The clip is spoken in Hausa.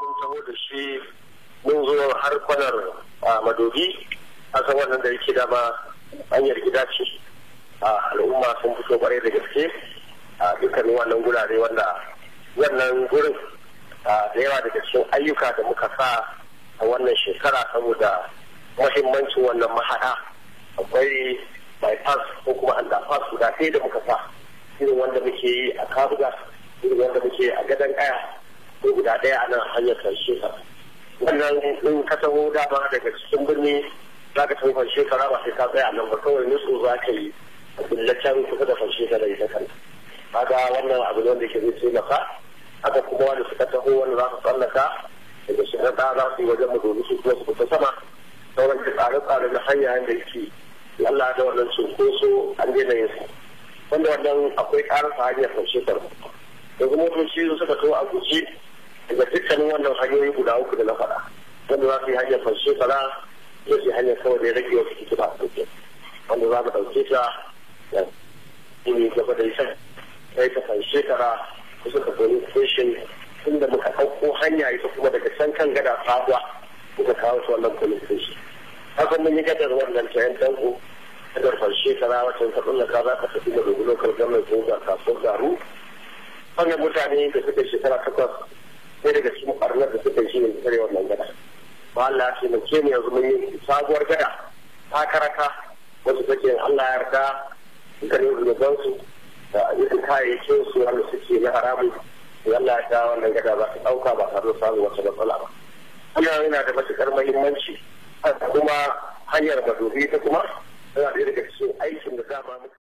mun taho da shi mun zo har kwanar madobi a san wannan da yake dama hanyar gida ce al'umma sun fito kwarai da gaske a dukkanin wannan gurare wanda wannan gurin da yawa daga cikin ayyuka da muka sa a wannan shekara saboda mahimmancin wannan mahaɗa akwai bypass ko kuma underpass guda ɗaya da muka sa irin wanda muke yi a kabuga irin wanda muke a gadon kaya ko guda ɗaya a nan hanyar karshe ka wannan in ka taho dama daga cikin birni za ka taho karshe ka ba sai ka tsaya nan ba kawai nutsu za ka yi a kullacen kusa da karshe ka da ita kan kaga wannan abu ne wanda ke zai taimaka haka kuma wanda suka taho wanda za su tsallaka daga shirata za su yi wajen mu domin su kuma su fita sama sauran ta tsare-tsare na hanya yadda yake Allah da wannan cunkoso an daina yin su wanda wannan akwai ƙarasa hanyar karshe karfa yanzu motoci suka taho a guji hanyoyi guda uku da na faɗa wanda za su yi hanyar fashe fara zai su yi hanyar kawai da ya rage wasu cikin a ɗauke wanda za mu ɗauke ta da ne gaba da isa yi ta fashe fara kusa da police station inda muka ɗauko hanya ita kuma daga can kan gada faɗuwa muka kawo su wannan police station hakan mun yi gadar wannan yan danko gadar fashe fara wacce ta tsallaka kaza ta tafi da dogon lokacin gwamnati ko ga kasuwar garu wannan mutane da suka shekara takwas shi ne tsare wannan gada ba Allah ya taimake ni yanzu mun yi sabuwar gada ta karaka wacce take Allah ya yarda suka ne zunuban su da irin kayayyakin su wanda suke na haramun Allah ya ta wannan gada ba ta ɗauka ba tare da samun wata matsala ba. ina yana da matuƙar muhimmanci kuma hanyar dubi ta kuma tana da irin cikin aikin da za mu